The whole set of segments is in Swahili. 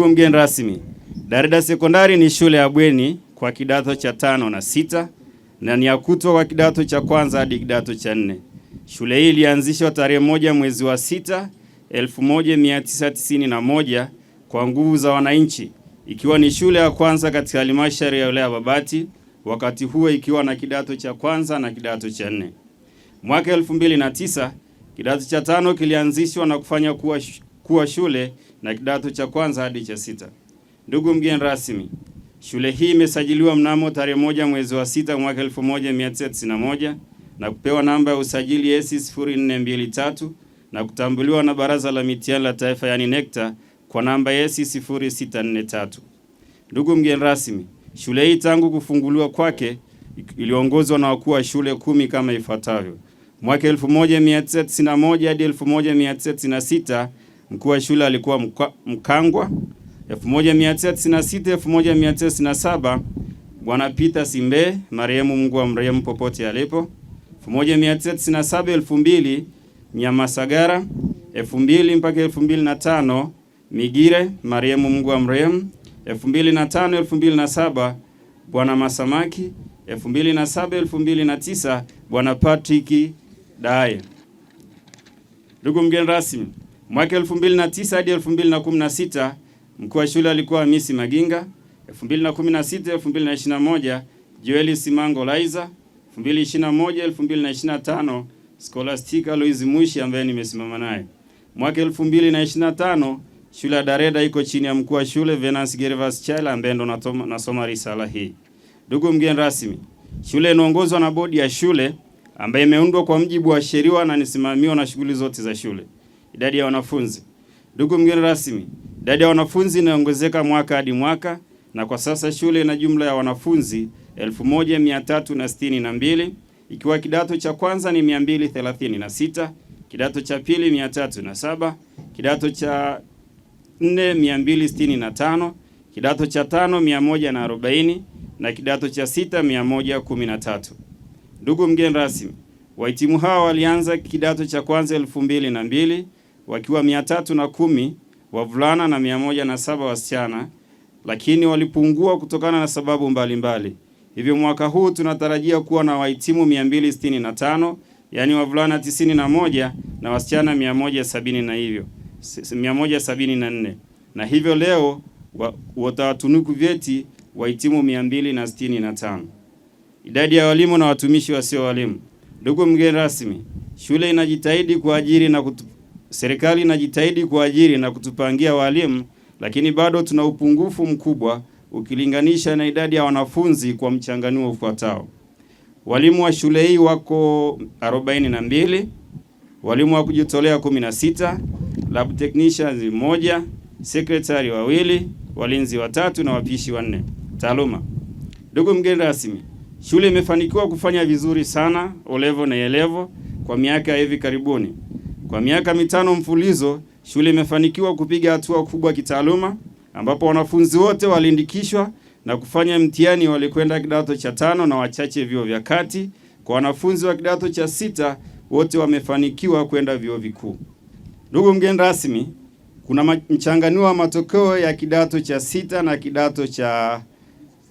Ndugu mgeni rasmi, Darida Sekondari ni shule ya bweni kwa kidato cha tano na sita na ni ya kutwa kwa kidato cha kwanza hadi kidato cha nne. Shule hii ilianzishwa tarehe moja mwezi wa sita 1991 kwa nguvu za wananchi, ikiwa ni shule ya kwanza katika halmashauri ya wilaya Babati, wakati huo ikiwa na kidato cha kwanza na kidato cha nne. Mwaka 2009 kidato cha tano kilianzishwa na kufanya kuwa, kuwa shule na kidato cha kwanza hadi cha sita. Ndugu mgeni rasmi, shule hii imesajiliwa mnamo tarehe moja mwezi wa sita mwaka 1991 na kupewa namba ya usajili S 0423 na kutambuliwa na Baraza la Mitihani la Taifa yani NECTA kwa namba S 0643. Ndugu mgeni rasmi, shule hii tangu kufunguliwa kwake iliongozwa na wakuu wa shule kumi kama ifuatavyo: mwaka 1991 hadi 1996 Mkuu wa shule alikuwa Mkangwa. 1996 1997 Bwana Peter Simbe, marehemu Mungu wa mrehemu popote alipo. 1997 2000 Nyamasagara. 2000 mpaka 2005 Migire, marehemu Mungu wa mrehemu. 2005 2007 Bwana Masamaki. 2007 2009 Bwana Patrick Daye. Ndugu mgeni rasmi Mwaka 2009 hadi 2016 mkuu wa shule alikuwa Hamisi Maginga, 2016 2021 Joeli Simango Laiza, 2021 2025 Scholastica Louise Mushi ambaye nimesimama naye. Mwaka 2025 shule ya Dareda iko chini ya mkuu wa shule Venance Gervas Chaila ambaye ndo nasoma risala hii. Ndugu mgeni rasmi, shule inaongozwa na bodi ya shule ambayo imeundwa kwa mjibu wa sheria na nisimamiwa na shughuli zote za shule idadi ya wanafunzi. Ndugu mgeni rasmi, idadi ya wanafunzi inaongezeka mwaka hadi mwaka na kwa sasa shule ina jumla ya wanafunzi 1362 ikiwa kidato cha kwanza ni 236, kidato cha pili 307, kidato cha 4 265, kidato cha tano 140 na kidato cha sita 113. Ndugu mgeni rasmi, wahitimu hawa walianza kidato cha kwanza 2002 wakiwa mia tatu na kumi wavulana na mia moja na saba wasichana, lakini walipungua kutokana na sababu mbalimbali mbali. Hivyo mwaka huu tunatarajia kuwa na wahitimu 265 yani wavulana 91 na, na wasichana 170 na hivyo 174 na na hivyo leo watawatunuku vyeti wahitimu 265. Idadi ya walimu na watumishi wasio walimu. Ndugu mgeni rasmi, shule inajitahidi kuajiri na kutupa serikali inajitahidi kuajiri na kutupangia walimu, lakini bado tuna upungufu mkubwa ukilinganisha na idadi ya wanafunzi kwa mchanganuo ufuatao: walimu wa shule hii wako 42, walimu wa kujitolea 16, lab technicians mmoja, sekretari wawili, walinzi watatu na wapishi wanne. Taaluma. Ndugu mgeni rasmi, shule imefanikiwa kufanya vizuri sana olevo na elevo kwa miaka ya hivi karibuni. Kwa miaka mitano mfulizo shule imefanikiwa kupiga hatua kubwa kitaaluma, ambapo wanafunzi wote waliandikishwa na kufanya mtihani walikwenda kidato cha tano na wachache vyuo vya kati. Kwa wanafunzi wa kidato cha sita wote wamefanikiwa kwenda vyuo vikuu. Ndugu mgeni rasmi, kuna mchanganuo wa matokeo ya kidato cha sita na kidato cha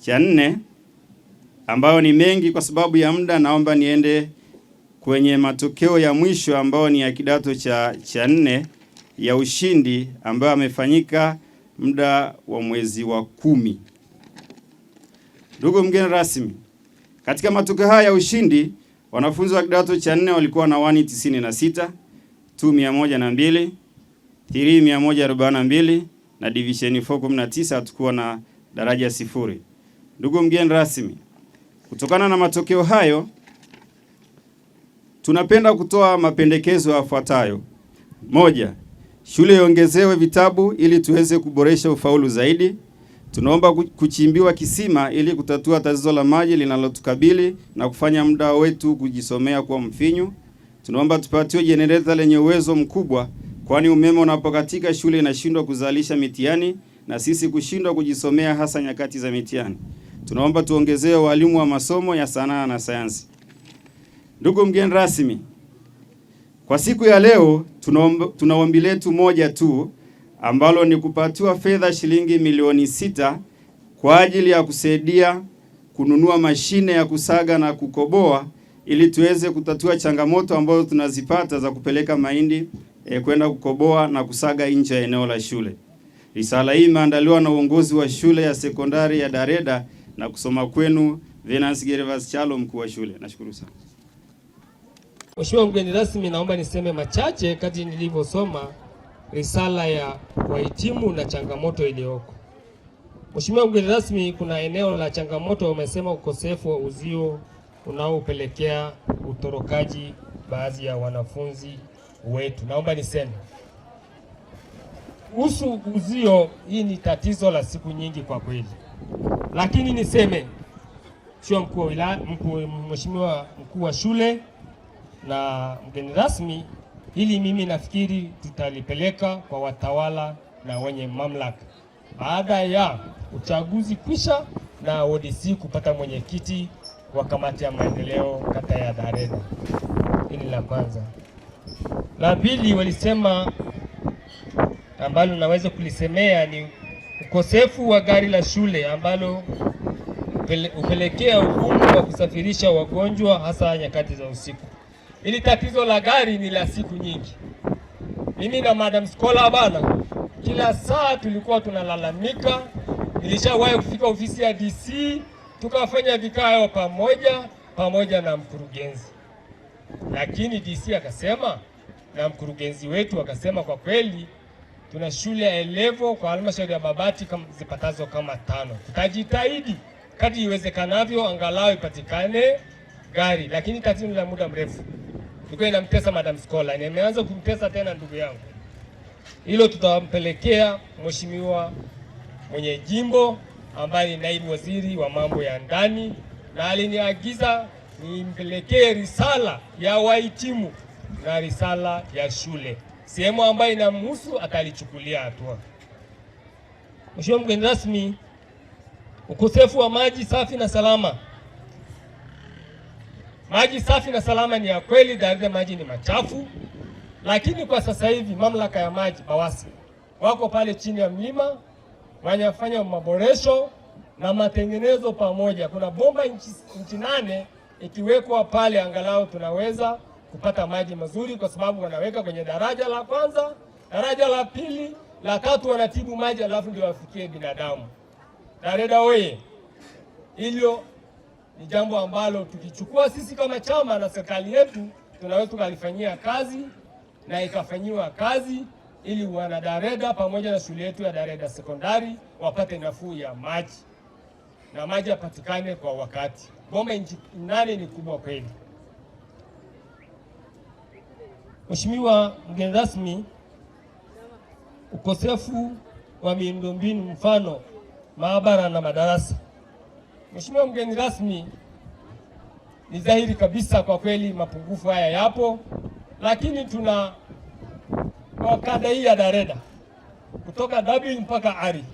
cha nne ambayo ni mengi, kwa sababu ya muda naomba niende kwenye matokeo ya mwisho ambayo ni ya kidato cha, cha nne ya ushindi ambayo amefanyika muda wa mwezi wa kumi. Ndugu mgeni rasmi, katika matokeo haya ya ushindi wanafunzi wa kidato cha nne walikuwa na wani tisini na sita, tu mia moja na na division 419 hatukuwa na daraja sifuri. Ndugu mgeni rasmi, kutokana na matokeo hayo tunapenda kutoa mapendekezo yafuatayo: moja, shule iongezewe vitabu ili tuweze kuboresha ufaulu zaidi. Tunaomba kuchimbiwa kisima ili kutatua tatizo la maji linalotukabili na kufanya muda wetu kujisomea kuwa mfinyu. Tunaomba tupatiwe jenereta lenye uwezo mkubwa, kwani umeme unapokatika shule inashindwa kuzalisha mitihani na sisi kushindwa kujisomea, hasa nyakati za mitihani. Tunaomba tuongezewe walimu wa masomo ya sanaa na sayansi. Ndugu mgeni rasmi, kwa siku ya leo tuna ombi letu moja tu ambalo ni kupatiwa fedha shilingi milioni sita kwa ajili ya kusaidia kununua mashine ya kusaga na kukoboa ili tuweze kutatua changamoto ambazo tunazipata za kupeleka mahindi e, kwenda kukoboa na kusaga nje ya eneo la shule. Risala hii imeandaliwa na uongozi wa shule ya sekondari ya Dareda na kusoma kwenu Venance Gervas Chalo, mkuu wa shule. Nashukuru sana. Mheshimiwa mgeni rasmi, naomba niseme machache kati nilivyosoma risala ya wahitimu na changamoto iliyoko. Mheshimiwa mgeni rasmi, kuna eneo la changamoto umesema ukosefu wa uzio unaopelekea utorokaji baadhi ya wanafunzi wetu. Naomba niseme kuhusu uzio, hii ni tatizo la siku nyingi kwa kweli, lakini niseme sio mkuu wa wilaya, mkuu, mheshimiwa mkuu wa shule na mgeni rasmi, hili mimi nafikiri tutalipeleka kwa watawala na wenye mamlaka baada ya uchaguzi kwisha na ODC kupata mwenyekiti wa kamati ya maendeleo kata ya Dareda. Hili la kwanza. La pili walisema ambalo naweza kulisemea ni ukosefu wa gari la shule ambalo hupelekea ugumu wa kusafirisha wagonjwa hasa nyakati za usiku. Ili tatizo la gari ni la siku nyingi. Mimi na Madam Scholar bana, kila saa tulikuwa tunalalamika. Nilishawahi kufika ofisi ya DC tukafanya vikao pamoja pamoja na mkurugenzi, lakini DC akasema na mkurugenzi wetu akasema, kwa kweli tuna shule ya elevo kwa halmashauri ya Babati kama zipatazo kama tano. Tutajitahidi kadri iwezekanavyo, angalau ipatikane gari, lakini tatizo la muda mrefu ilikuwa inamtesa Madam Scholar na imeanza kumtesa tena ndugu yangu. Hilo tutampelekea mheshimiwa mwenye jimbo ambaye ni naibu waziri wa mambo ya ndani, na aliniagiza nimpelekee risala ya wahitimu na risala ya shule, sehemu ambayo inamhusu atalichukulia hatua. Mheshimiwa mgeni rasmi, ukosefu wa maji safi na salama Maji safi na salama ni ya kweli, Darida maji ni machafu. Lakini kwa sasa hivi mamlaka ya maji BAWASA wako pale chini ya mlima wanafanya maboresho na matengenezo pamoja. Kuna bomba inchi, inchi nane ikiwekwa pale, angalau tunaweza kupata maji mazuri, kwa sababu wanaweka kwenye daraja la kwanza, daraja la pili, la tatu, wanatibu maji alafu ndio wafikie binadamu. Dareda oye! hilo ni jambo ambalo tukichukua sisi kama chama na serikali yetu tunaweza tukalifanyia kazi na ikafanyiwa kazi ili wana Dareda pamoja na shule yetu ya Dareda sekondari wapate nafuu ya maji na maji yapatikane kwa wakati. Bomba nane ni kubwa kweli. Mheshimiwa mgeni rasmi, ukosefu wa miundombinu mfano maabara na madarasa Mheshimiwa mgeni rasmi, ni dhahiri kabisa kwa kweli mapungufu haya yapo, lakini tuna kwa kada hii ya Dareda kutoka W mpaka Ari,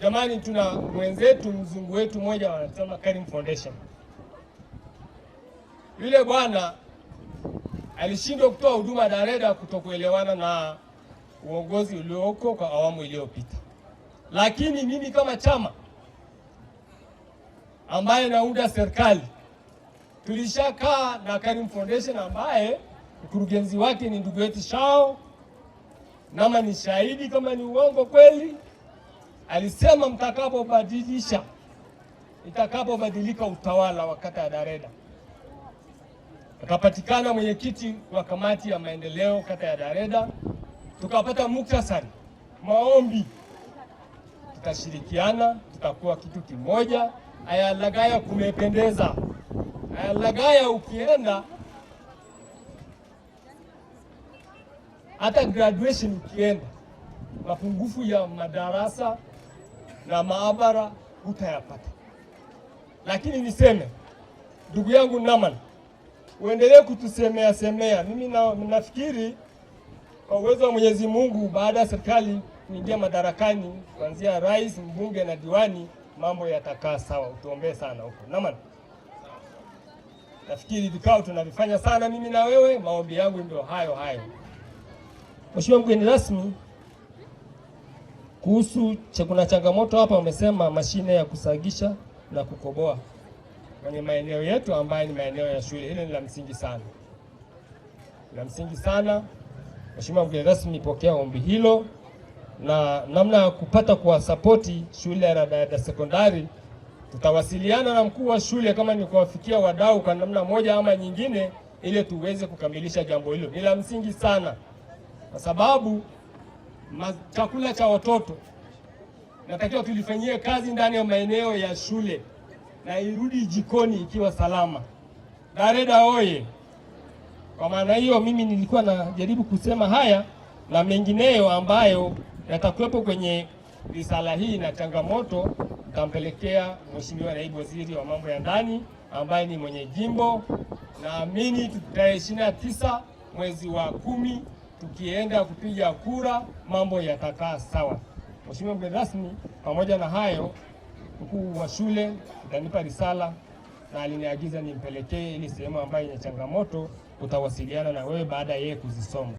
jamani, tuna mwenzetu mzungu wetu mmoja wanasema Karim Foundation. Yule bwana alishindwa kutoa huduma Dareda kutokuelewana na uongozi ulioko kwa awamu iliyopita, lakini mimi kama chama ambaye naunda serikali. Tulishakaa na Karim Foundation ambaye mkurugenzi wake ni ndugu yetu Shao, nama ni shahidi kama ni uongo kweli. Alisema mtakapobadilisha, itakapobadilika utawala wa kata ya Dareda, akapatikana mwenyekiti wa kamati ya maendeleo kata ya Dareda, tukapata muktasari maombi, tutashirikiana, tutakuwa kitu kimoja. Ayalagaya kumependeza. Ayalagaya ukienda hata graduation ukienda, mapungufu ya madarasa na maabara utayapata. Lakini niseme ndugu yangu Naman, uendelee kutusemea semea. Mimi na, nafikiri kwa uwezo wa Mwenyezi Mungu, baada ya serikali kuingia madarakani, kuanzia rais, mbunge na diwani mambo yatakaa sawa. Utuombee sana huko Naman. Nafikiri vikao tunavifanya sana mimi na wewe, maombi yangu ndio hayo hayo. Mheshimiwa mgeni rasmi, kuhusu kuna changamoto hapa, umesema mashine ya kusagisha na kukoboa kwenye maeneo yetu ambayo ni maeneo ya shule. Hilo ni la msingi sana, la msingi sana. Mheshimiwa mgeni rasmi, pokea ombi hilo na namna ya kupata kuwasapoti shule ya Radada Sekondari. Tutawasiliana na mkuu wa shule kama ni kuwafikia wadau kwa namna moja ama nyingine, ili tuweze kukamilisha jambo hilo. Ni la msingi sana, kwa sababu chakula cha watoto natakiwa tulifanyie kazi ndani ya maeneo ya shule na irudi jikoni ikiwa salama. Dareda oye! Kwa maana hiyo, mimi nilikuwa najaribu kusema haya na mengineyo ambayo yatakuwepo kwenye risala hii, na changamoto nitampelekea Mheshimiwa Naibu Waziri wa Mambo ya Ndani ambaye ni mwenye jimbo. Naamini tarehe ishirini na tisa mwezi wa kumi tukienda kupiga kura mambo yatakaa sawa. Mheshimiwa mgeni rasmi, pamoja na hayo, mkuu wa shule utanipa risala na aliniagiza nimpelekee ili sehemu ambayo ina changamoto, utawasiliana na wewe baada ya yeye kuzisoma.